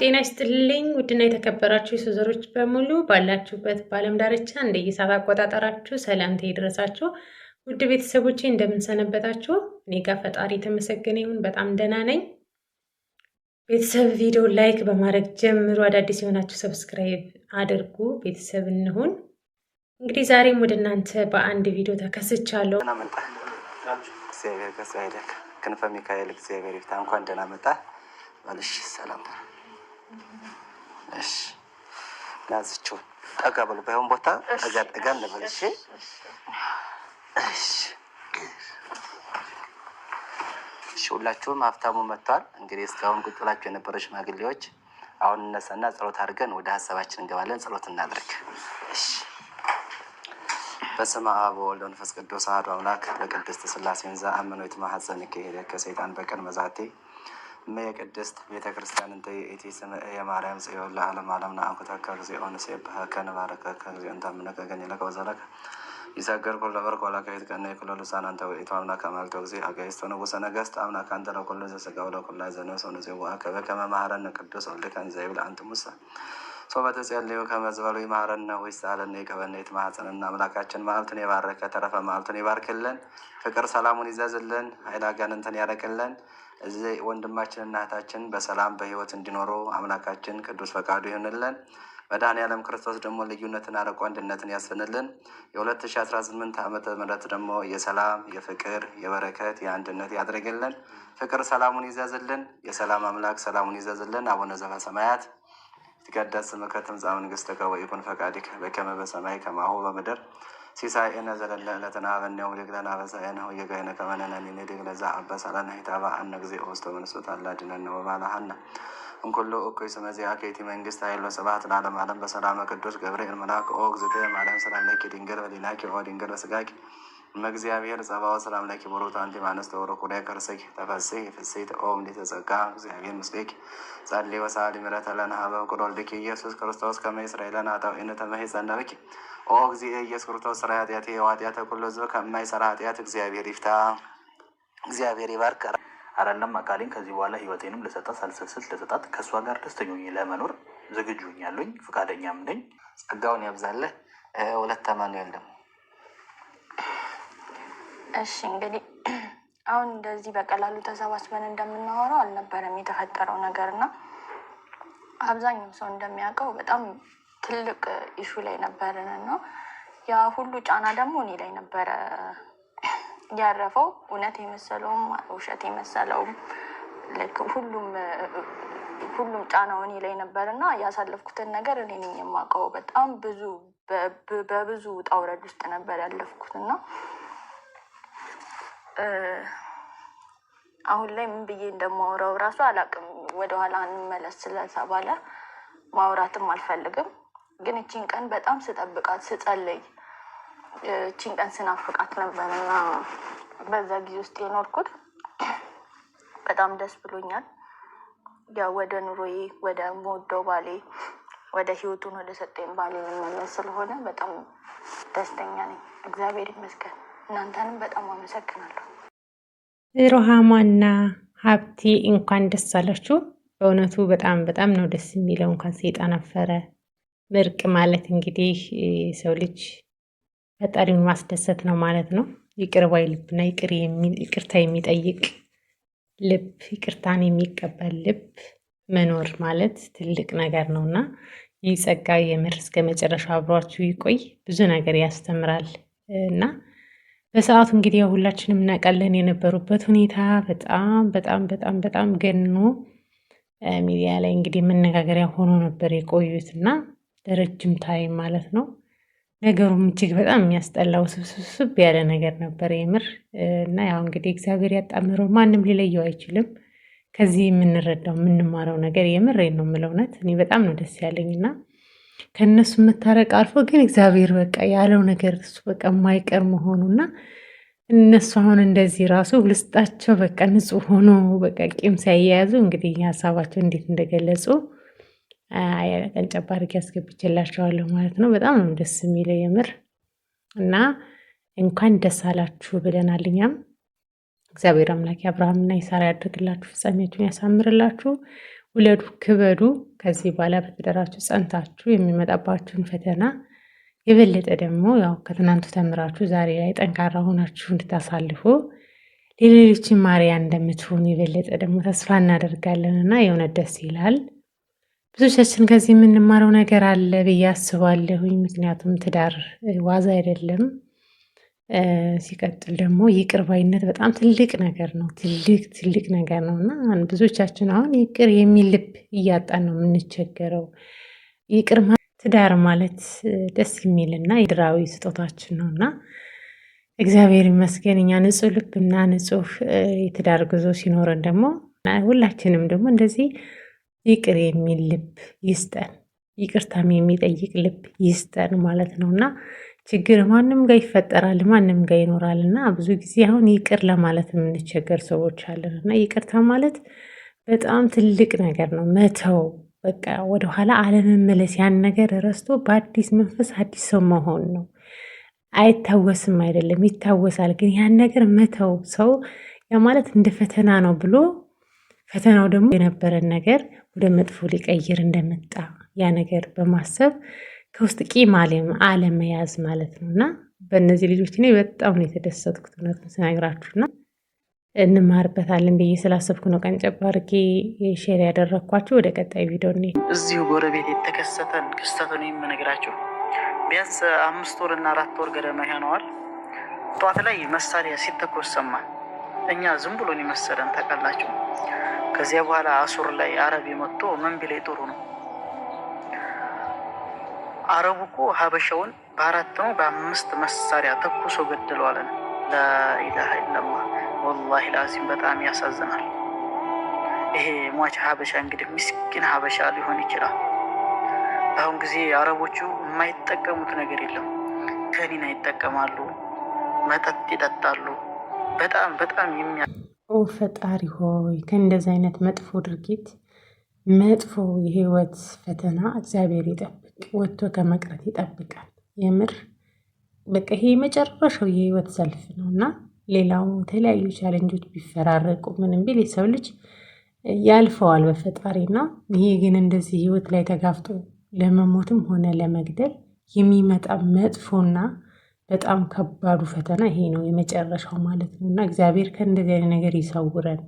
ጤና ይስጥልኝ ውድና የተከበራችሁ የሱዘሮች በሙሉ ባላችሁበት በዓለም ዳርቻ እንደየሰዓት አቆጣጠራችሁ ሰላምታ ይድረሳችሁ። ውድ ቤተሰቦች እንደምንሰነበታችሁ፣ እኔ ጋር ፈጣሪ የተመሰገነ ይሁን በጣም ደህና ነኝ። ቤተሰብ ቪዲዮ ላይክ በማድረግ ጀምሩ። አዳዲስ የሆናችሁ ሰብስክራይብ አድርጉ። ቤተሰብ እንሁን። እንግዲህ ዛሬም ወደ እናንተ በአንድ ቪዲዮ ተከስቻለሁ። እግዚአብሔር ክንፈ ሚካኤል እግዚአብሔር ይፍታ። እንኳን ደህና መጣ ባልሽ ሰላምታ እሺ ናዝቹ ጠጋ በሉ ባይሆን ቦታ ጠጋ ጠጋ እንበል። እሺ እሺ እሺ። ሁላችሁም ሀብታሙ መጥቷል። እንግዲህ እስካሁን ቁጭ ብላችሁ የነበረ ሽማግሌዎች አሁን እነሳና ጸሎት አድርገን ወደ ሀሳባችን እንገባለን። ጸሎት እናድርግ። በስመ አብ ወወልድ ወመንፈስ ቅዱስ አሐዱ አምላክ ለቅድስት ሥላሴ እንዘ አመኑ የተማሐፀን ከሄደ ከሰይጣን በቀር መዛቴ እመየቅድስት ቤተ ክርስቲያን እንተ የኢቲ ስምዕ የማርያም ጽዮን ለዓለም ዓለም ንአኩተከ እግዚኦን ሴብሐከ ንባርከከ እግዚኦ እንታምነከ ለቀው ዘለከ ይሰገር ኩሎ በርክ ወላከ ቀና ኩሎ ልሳን አንተ ውእቱ አምላከ አማልክቶ ጊዜ አጋይስቶ ንጉሰ ነገስት አምላከ አንተ ለኩሎ ዘሥጋ ወለኩላ ዘነብስ ወነዜ ወአከበ ከመ መሐረነ ቅዱስ ወልድከን ዘይብል አንት ሙሳ ሶበተ ጸልዩ ከመዝበሉ ይማረነ ወይሳለነ ይቀበነ ይትማጸነና አምላካችን መዓልቱን የባረከ ተረፈ መዓልቱን ይባርክልን ፍቅር ሰላሙን ይዘዝልን ኃይል አጋንንትን ያረቅልን እዚህ ወንድማችንና እህታችን በሰላም በህይወት እንዲኖሩ አምላካችን ቅዱስ ፈቃዱ ይሆንልን። መድኃኔዓለም ክርስቶስ ደግሞ ልዩነትን አርቆ አንድነትን ያስፍንልን። የ2018 ዓመተ ምህረት ደግሞ የሰላም የፍቅር የበረከት የአንድነት ያድርግልን። ፍቅር ሰላሙን ይዘዝልን። የሰላም አምላክ ሰላሙን ይዘዝልን። አቡነ ዘበሰማያት ይትቀደስ ስምከ ትምጻእ መንግሥትከ ወይኩን ፈቃድከ በከመ በሰማይ ከማሁ በምድር ሲሳኤነ ዘለለ ዕለትነ ሀበነ ወጌግለነ አበሳኤነ ወጌጋየነ ከመነነኒ ንሕነኒ ንኅድግ ለዘ ሂታባ አነ እግዚኦ ውስተ መንሱት አላድነነ ወባልሐነ እንኩሉ እኩይ ስመዚያ ከይቲ መንግስት ኃይል ወስብሐት ለዓለመ ዓለም በሰላመ ቅዱስ ገብርኤል መልአክ ኦ እግዝእትየ ማርያም ሰላም ለኪ ድንግል በዲናኪ ኦ ድንግል በስጋኪ እግዚአብሔር ጸባኦት ሰላም ለኪ ቦሎት አንቲ ማነስ ተወሮ ኩሪያ ከርሰኪ ተፈስህ ፍስህት ኦም ሊተጸጋ እግዚአብሔር ምስሌኪ ጸሊ ወሳሊ ምሕረተ ለነ ሀበብ ቁዶልድኪ ኢየሱስ ክርስቶስ ከመ እስራኤለን አጣው ኢነ ተመሄ ጸነብኪ ኦ እግዚእ ኢየሱስ ክርስቶስ ስራ ኃጢአት ዋጢአተ ኩሎ ህዝብ ከማይሰራ ኃጢአት እግዚአብሔር ይፍታ። እግዚአብሔር ይባርክ። አረለም አካሌን ከዚህ በኋላ ህይወቴንም ልሰጣት ሳልሰስት ልሰጣት ከእሷ ጋር ደስተኞኝ ለመኖር ዝግጁኝ ያለኝ ፈቃደኛም ነኝ። ጸጋውን ያብዛለህ። ሁለት ተማን ያለም እሺ እንግዲህ አሁን እንደዚህ በቀላሉ ተሰባስበን እንደምናወራው አልነበረም የተፈጠረው ነገር እና አብዛኛው ሰው እንደሚያውቀው በጣም ትልቅ ኢሹ ላይ ነበርን እና ያ ሁሉ ጫና ደግሞ እኔ ላይ ነበረ ያረፈው። እውነት የመሰለውም ውሸት የመሰለውም ሁሉም ሁሉም ጫናው እኔ ላይ ነበር እና ያሳለፍኩትን ነገር እኔ ነኝ የማውቀው። በጣም ብዙ በብዙ ውጣ ውረድ ውስጥ ነበር ያለፍኩት እና አሁን ላይ ምን ብዬ እንደማወራው እራሱ አላቅም ወደኋላ እንመለስ ስለተባለ ማውራትም አልፈልግም። ግን እቺን ቀን በጣም ስጠብቃት ስጸልይ፣ እቺን ቀን ስናፍቃት ነበር እና በዛ ጊዜ ውስጥ የኖርኩት በጣም ደስ ብሎኛል። ያው ወደ ኑሮዬ ወደ ምወደው ባሌ ወደ ህይወቱን ወደ ሰጠኝ ባሌ መመለስ ስለሆነ በጣም ደስተኛ ነኝ። እግዚአብሔር ይመስገን። እናንተንም በጣም አመሰግናለሁ። ሩሃማና ሀብቲ እንኳን ደስ አላችሁ። በእውነቱ በጣም በጣም ነው ደስ የሚለው። እንኳን ሰይጣን አፈረ። ምርቅ ማለት እንግዲህ ሰው ልጅ ፈጣሪውን ማስደሰት ነው ማለት ነው። ይቅር ባይ ልብና ይቅርታ የሚጠይቅ ልብ፣ ይቅርታን የሚቀበል ልብ መኖር ማለት ትልቅ ነገር ነው እና ይህ ጸጋ የምር እስከ መጨረሻ አብሯችሁ ይቆይ። ብዙ ነገር ያስተምራል እና በሰዓቱ እንግዲህ ሁላችንም እናውቃለን የነበሩበት ሁኔታ በጣም በጣም በጣም በጣም ገኖ ሚዲያ ላይ እንግዲህ መነጋገሪያ ሆኖ ነበር የቆዩት እና ለረጅም ታይም ማለት ነው። ነገሩም እጅግ በጣም የሚያስጠላው ስብስብስብ ያለ ነገር ነበር የምር እና ያው እንግዲህ እግዚአብሔር ያጣምረው ማንም ሊለየው አይችልም። ከዚህ የምንረዳው የምንማረው ነገር የምር ነው የምለው እውነት እኔ በጣም ነው ደስ ያለኝ እና ከእነሱ መታረቅ አልፎ ግን እግዚአብሔር በቃ ያለው ነገር እሱ በቃ የማይቀር መሆኑና እነሱ አሁን እንደዚህ ራሱ ውስጣቸው በቃ ንጹህ ሆኖ በቃ ቂም ሲያያያዙ እንግዲህ ሀሳባቸው እንዴት እንደገለጹ ቀንጨብ አድርጌ ያስገብችላቸዋለሁ ማለት ነው። በጣም ነው ደስ የሚለው የምር እና እንኳን ደስ አላችሁ ብለናል እኛም። እግዚአብሔር አምላክ አብርሃምና ይሳራ ያድርግላችሁ፣ ፍጻሜያችሁን ያሳምርላችሁ። ውለዱ፣ ክበዱ። ከዚህ በኋላ በትዳራችሁ ጸንታችሁ የሚመጣባችሁን ፈተና የበለጠ ደግሞ ያው ከትናንቱ ተምራችሁ ዛሬ ላይ ጠንካራ ሆናችሁ እንድታሳልፉ ለሌሎችን ማርያ እንደምትሆኑ የበለጠ ደግሞ ተስፋ እናደርጋለን እና የእውነት ደስ ይላል። ብዙዎቻችን ከዚህ የምንማረው ነገር አለ ብዬ አስባለሁኝ። ምክንያቱም ትዳር ዋዛ አይደለም። ሲቀጥል ደግሞ ይቅር ባይነት በጣም ትልቅ ነገር ነው። ትልቅ ትልቅ ነገር ነው እና ብዙዎቻችን አሁን ይቅር የሚል ልብ እያጣን ነው የምንቸገረው። ይቅር ትዳር ማለት ደስ የሚልና የድራዊ ስጦታችን ነው እና እግዚአብሔር ይመስገን እኛ ንጹህ ልብ ልብና ንጹህ የትዳር ጉዞ ሲኖረን ደግሞ ሁላችንም ደግሞ እንደዚህ ይቅር የሚል ልብ ይስጠን፣ ይቅርታም የሚጠይቅ ልብ ይስጠን ማለት ነው እና ችግር ማንም ጋር ይፈጠራል፣ ማንም ጋር ይኖራል እና ብዙ ጊዜ አሁን ይቅር ለማለት የምንቸገር ሰዎች አለን እና ይቅርታ ማለት በጣም ትልቅ ነገር ነው። መተው በቃ ወደኋላ አለመመለስ፣ ያን ነገር ረስቶ በአዲስ መንፈስ አዲስ ሰው መሆን ነው። አይታወስም አይደለም ይታወሳል፣ ግን ያን ነገር መተው ሰው ያ ማለት እንደ ፈተና ነው ብሎ ፈተናው ደግሞ የነበረን ነገር ወደ መጥፎ ሊቀይር እንደመጣ ያ ነገር በማሰብ ከውስጥ ቂም አለመያዝ ማለት ነው እና በእነዚህ ልጆች እኔ በጣም ነው የተደሰትኩት እውነቱን ስነግራችሁና እንማርበታለን ብዬ ስላሰብኩ ነው ቀንጨብ አድርጌ ሼር ያደረግኳቸው። ወደ ቀጣይ ቪዲዮ እኔ እዚሁ ጎረቤት የተከሰተን ክስተቱን የምነግራቸው ቢያንስ አምስት ወር እና አራት ወር ገደማ ይሆነዋል። ጠዋት ላይ መሳሪያ ሲተኮስ ሰማን። እኛ ዝም ብሎን የመሰለን ታውቃላችሁ። ከዚያ በኋላ አሱር ላይ አረብ መጥቶ ምን ቢላይ ጥሩ ነው አረቡ እኮ ሀበሻውን በአራት ነው በአምስት መሳሪያ ተኩሶ ገድለዋለን። ላኢላሃ ኢላላ ወላሂ ላዚም በጣም ያሳዝናል። ይሄ ሟች ሀበሻ እንግዲህ ምስኪን ሀበሻ ሊሆን ይችላል። በአሁን ጊዜ አረቦቹ የማይጠቀሙት ነገር የለም። ከኒና ይጠቀማሉ፣ መጠጥ ይጠጣሉ። በጣም በጣም የሚያ ፈጣሪ ሆይ ከእንደዚህ አይነት መጥፎ ድርጊት መጥፎ የህይወት ፈተና እግዚአብሔር ይጠብቅ፣ ወጥቶ ከመቅረት ይጠብቃል። የምር በቃ ይሄ የመጨረሻው የህይወት ሰልፍ ነው እና ሌላው የተለያዩ ቻለንጆች ቢፈራረቁ ምንም ቢል የሰው ልጅ ያልፈዋል እና ይሄ ግን እንደዚህ ህይወት ላይ ተጋፍጦ ለመሞትም ሆነ ለመግደል የሚመጣ መጥፎና በጣም ከባዱ ፈተና ይሄ ነው የመጨረሻው ማለት ነው። እና እግዚአብሔር ከእንደዚህ አይነት ነገር ይሰውረን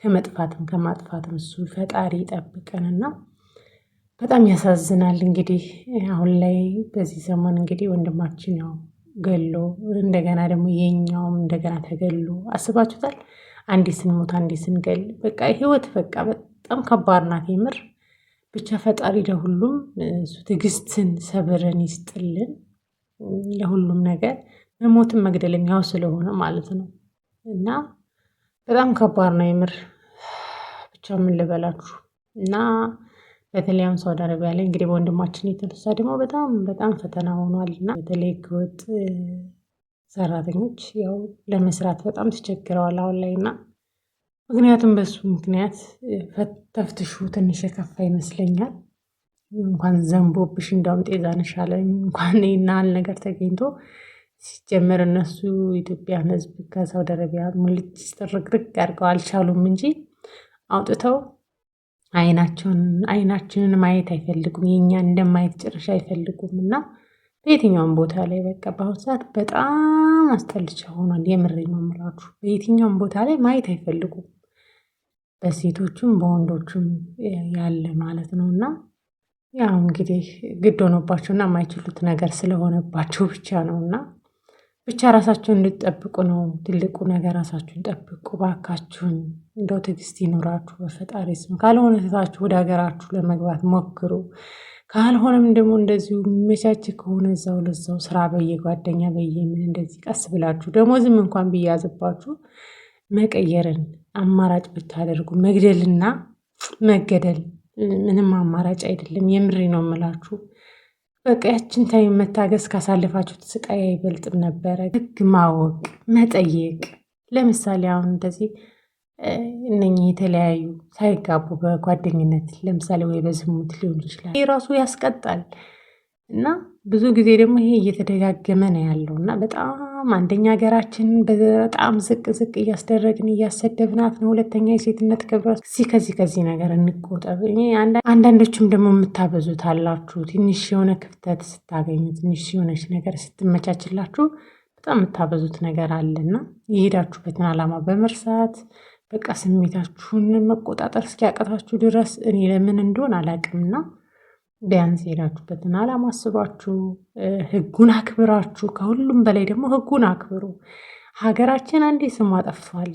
ከመጥፋትም ከማጥፋትም እሱ ፈጣሪ ይጠብቀንና በጣም ያሳዝናል። እንግዲህ አሁን ላይ በዚህ ዘመን እንግዲህ ወንድማችን ያው ገሎ እንደገና ደግሞ የኛውም እንደገና ተገሎ አስባችሁታል። አንዴ ስንሞት አንዴ ስንገል በቃ ህይወት በቃ በጣም ከባድ ናት የምር። ብቻ ፈጣሪ ለሁሉም እሱ ትዕግስትን ሰብርን ይስጥልን። ለሁሉም ነገር መሞትም መግደልም ያው ስለሆነ ማለት ነው። እና በጣም ከባድ ነው የምር ብቻ ምን ልበላችሁ እና በተለይ አሁን ሳውዲ አረቢያ ላይ እንግዲህ በወንድማችን የተነሳ ደግሞ በጣም በጣም ፈተና ሆኗል እና በተለይ ህገወጥ ሰራተኞች ያው ለመስራት በጣም ተቸግረዋል አሁን ላይ እና ምክንያቱም በሱ ምክንያት ተፍትሹ ትንሽ የከፋ ይመስለኛል። እንኳን ዘንቦብሽ እንዳውም ጤዛ ነሽ እንኳን ናል ነገር ተገኝቶ ሲጀመር እነሱ ኢትዮጵያን ሕዝብ ከሳውዲ አረቢያ ሙልጭ ስትርግርግ አድርገው አልቻሉም እንጂ አውጥተው አይናቸውን አይናችንን ማየት አይፈልጉም። የእኛን እንደማየት ጭርሻ አይፈልጉም። እና በየትኛውም ቦታ ላይ በቃ በአሁኑ ሰዓት በጣም አስጠልቻ ሆኗል። የምሬ መምላችሁ በየትኛውም ቦታ ላይ ማየት አይፈልጉም፣ በሴቶቹም በወንዶቹም ያለ ማለት ነው እና ያው እንግዲህ ግድ ሆኖባቸው የማይችሉት ነገር ስለሆነባቸው ብቻ ነው እና ብቻ ራሳቸውን እንድትጠብቁ ነው ትልቁ ነገር። ራሳችሁን ጠብቁ ባካችሁን፣ እንደው ትዕግስት ይኑራችሁ በፈጣሪ ስም። ካልሆነ ትታችሁ ወደ ሀገራችሁ ለመግባት ሞክሩ። ካልሆነም ደግሞ እንደዚሁ መቻች ከሆነ እዛው ለዛው ስራ በየጓደኛ በየምን እንደዚህ ቀስ ብላችሁ ደሞዝም እንኳን ብያዝባችሁ መቀየርን አማራጭ ብታደርጉ መግደልና መገደል ምንም አማራጭ አይደለም የምሬ ነው የምላችሁ። በቃ ያችን ታይም መታገስ ካሳለፋችሁት ስቃይ አይበልጥም ነበረ። ህግ ማወቅ መጠየቅ፣ ለምሳሌ አሁን እንደዚህ እነኚህ የተለያዩ ሳይጋቡ በጓደኝነት ለምሳሌ ወይ በዝሙት ሊሆን ይችላል። ይህ ራሱ ያስቀጣል። እና ብዙ ጊዜ ደግሞ ይሄ እየተደጋገመ ነው ያለው እና በጣም አንደኛ ሀገራችን በጣም ዝቅ ዝቅ እያስደረግን እያሰደብናት ነው። ሁለተኛ የሴትነት ክብረ ከዚህ ከዚህ ከዚህ ነገር እንቆጠብ። አንዳንዶችም ደግሞ የምታበዙት አላችሁ። ትንሽ የሆነ ክፍተት ስታገኙ፣ ትንሽ የሆነች ነገር ስትመቻችላችሁ በጣም የምታበዙት ነገር አለና የሄዳችሁበትን ዓላማ በመርሳት በቃ ስሜታችሁን መቆጣጠር እስኪያቀታችሁ ድረስ እኔ ለምን እንደሆን አላውቅምና ቢያንስ ሄዳችሁበትን አላማ አስባችሁ ህጉን አክብራችሁ ከሁሉም በላይ ደግሞ ህጉን አክብሩ። ሀገራችን አንዴ ስም አጠፋል።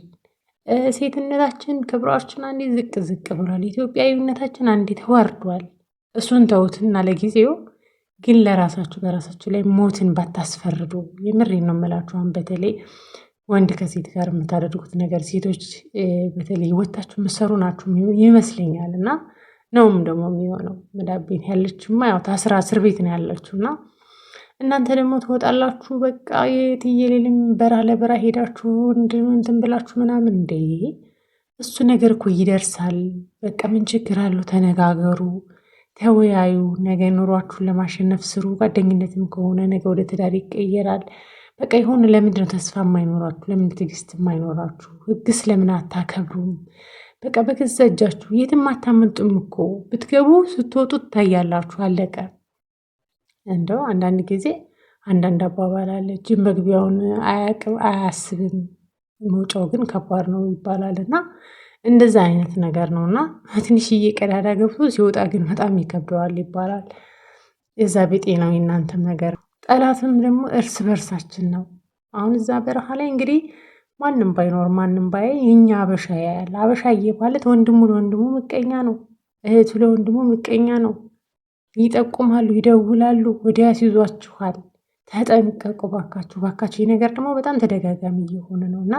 ሴትነታችን ክብራችን አንዴ ዝቅ ዝቅ ብሏል። ኢትዮጵያዊነታችን አንዴ ተዋርዷል። እሱን ተውትና ለጊዜው ግን ለራሳችሁ በራሳችሁ ላይ ሞትን ባታስፈርዱ። የምሬ ነው የምላችሁ። አሁን በተለይ ወንድ ከሴት ጋር የምታደርጉት ነገር ሴቶች በተለይ ወታችሁ የምትሰሩ ናችሁ ይመስለኛል እና ነውም ደግሞ የሚሆነው መዳቤን ያለችማ ያው ታስራ እስር ቤት ነው ያለችው እና እናንተ ደግሞ ትወጣላችሁ በቃ የትየሌልም በራ ለበራ ሄዳችሁ እንትን ብላችሁ ምናምን እንዴ እሱ ነገር እኮ ይደርሳል። በቃ ምን ችግር አለው? ተነጋገሩ፣ ተወያዩ፣ ነገ ኑሯችሁን ለማሸነፍ ስሩ። ጓደኝነትም ከሆነ ነገ ወደ ትዳር ይቀየራል። በቃ የሆነ ለምንድነው ተስፋ የማይኖራችሁ? ለምን ትግስት የማይኖራችሁ? ህግስ ለምን አታከብሩም? በቃ በገዛ እጃችሁ የትም አታመልጡም እኮ ብትገቡ ስትወጡ ትታያላችሁ። አለቀ። እንደው አንዳንድ ጊዜ አንዳንድ አባባል አለ ጅብ መግቢያውን አያስብም፣ መውጫው ግን ከባድ ነው ይባላል እና እንደዛ አይነት ነገር ነው እና ትንሽዬ ቀዳዳ ገብቶ ሲወጣ ግን በጣም ይከብደዋል ይባላል። የዛ ቤጤ ነው የእናንተም ነገር። ጠላትም ደግሞ እርስ በርሳችን ነው። አሁን እዛ በረሃ ላይ እንግዲህ ማንም ባይኖር ማንም ባያይ የኛ ሀበሻ ያያል። ሀበሻዬ ማለት ወንድሙ ለወንድሙ ምቀኛ ነው፣ እህቱ ለወንድሙ ምቀኛ ነው። ይጠቁማሉ፣ ይደውላሉ፣ ወዲያ ሲዟችኋል። ተጠንቀቁ ባካችሁ፣ ባካችሁ። ይህ ነገር ደግሞ በጣም ተደጋጋሚ እየሆነ ነው እና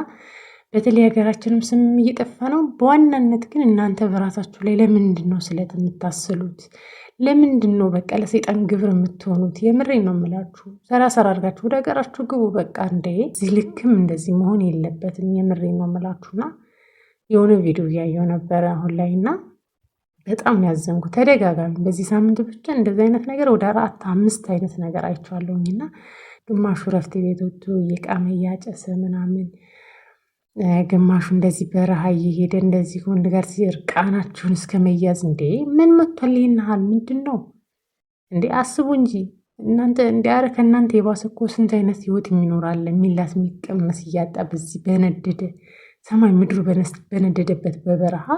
በተለይ ሀገራችንም ስም እየጠፋ ነው። በዋናነት ግን እናንተ በራሳችሁ ላይ ለምንድን ነው ስለት የምታስሉት? ለምንድን ነው በቃ ለሰይጣን ግብር የምትሆኑት? የምሬ ነው የምላችሁ። ሰራሰራ አድርጋችሁ ወደ ሀገራችሁ ግቡ። በቃ እንደ እዚህ ልክም እንደዚህ መሆን የለበትም። የምሬ ነው የምላችሁና የሆነ ቪዲዮ እያየው ነበረ አሁን ላይ እና በጣም ያዘንኩ ተደጋጋሚ በዚህ ሳምንት ብቻ እንደዚህ አይነት ነገር ወደ አራት አምስት አይነት ነገር አይቼዋለሁኝ እና ግማሹ ረፍት ቤቶቹ እየቃመ እያጨሰ ምናምን ግማሹ እንደዚህ በረሃ እየሄደ እንደዚህ ወንድ ጋር እርቃናችሁን እስከ መያዝ እንዴ! ምን መቷል? ይህን ምንድን ነው እንዴ? አስቡ እንጂ እናንተ እንዲያረ ከእናንተ የባሰ እኮ ስንት አይነት ህይወት የሚኖራለ የሚላስ የሚቀመስ እያጣ በዚህ በነደደ ሰማይ ምድሩ በነደደበት በበረሃ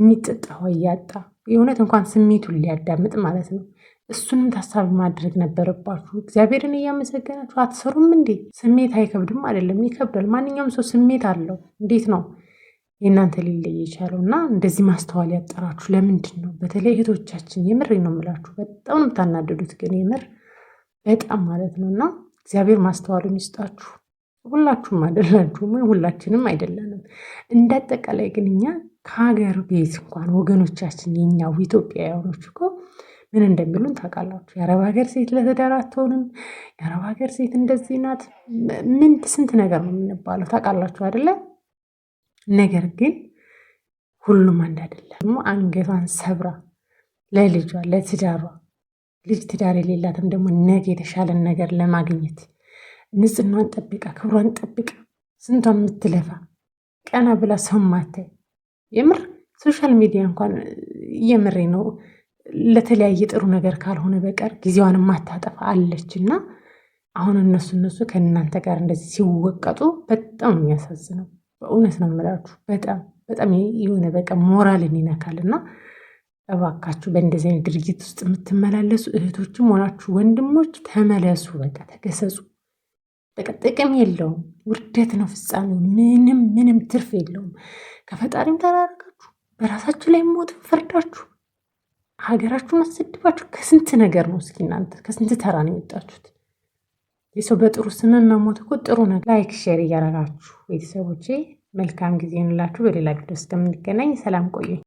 የሚጠጣው እያጣ የእውነት እንኳን ስሜቱን ሊያዳምጥ ማለት ነው። እሱንም ታሳቢ ማድረግ ነበረባችሁ። እግዚአብሔርን እያመሰገናችሁ አትሰሩም እንዴ? ስሜት አይከብድም? አይደለም ይከብዳል። ማንኛውም ሰው ስሜት አለው። እንዴት ነው የእናንተ ሊለይ የቻለው? እና እንደዚህ ማስተዋል ያጠራችሁ ለምንድን ነው? በተለይ እህቶቻችን የምር ነው የምላችሁ፣ በጣም ነው የምታናደዱት። ግን የምር በጣም ማለት ነው። እና እግዚአብሔር ማስተዋልን ይስጣችሁ። ሁላችሁም አይደላችሁም፣ ሁላችንም አይደለንም። እንደ አጠቃላይ ግን እኛ ከሀገር ቤት እንኳን ወገኖቻችን የኛው ኢትዮጵያውያኖች እኮ ምን እንደሚሉን ታውቃላችሁ። የአረብ ሀገር ሴት ለትዳር አትሆንም፣ የአረብ ሀገር ሴት እንደዚህ ናት፣ ምን ስንት ነገር ነው የምንባለው ታውቃላችሁ አይደለ? ነገር ግን ሁሉም አንድ አይደለም። ደግሞ አንገቷን ሰብራ ለልጇ ለትዳሯ ልጅ ትዳር የሌላትም ደግሞ ነገ የተሻለን ነገር ለማግኘት ንጽህናን ጠብቃ ክብሯን ጠብቃ ስንቷን የምትለፋ ቀና ብላ ሰው ማታይ የምር ሶሻል ሚዲያ እንኳን እየምሬ ነው ለተለያየ ጥሩ ነገር ካልሆነ በቀር ጊዜዋን ማታጠፋ አለች እና አሁን እነሱ እነሱ ከእናንተ ጋር እንደዚህ ሲወቀጡ በጣም የሚያሳዝነው በእውነት ነው የምላችሁ። በጣም በጣም የሆነ በቃ ሞራልን ይነካል እና እባካችሁ በእንደዚህ አይነት ድርጊት ውስጥ የምትመላለሱ እህቶችም ሆናችሁ ወንድሞች ተመለሱ። በቃ ተገሰጹ። በቃ ጥቅም የለውም፣ ውርደት ነው ፍጻሜው። ምንም ምንም ትርፍ የለውም። ከፈጣሪም ተራርቃችሁ በራሳችሁ ላይ ሞት ፈርዳችሁ ሀገራችሁን አሰድባችሁ ከስንት ነገር ነው እስኪ እናንተ ከስንት ተራ ነው የወጣችሁት። የሰው በጥሩ ስም መሞት እኮ ጥሩ ነገር። ላይክ ሼር እያረጋችሁ ቤተሰቦቼ መልካም ጊዜ እንላችሁ። በሌላ ቪዲዮ እስከምንገናኝ ሰላም ቆዩኝ።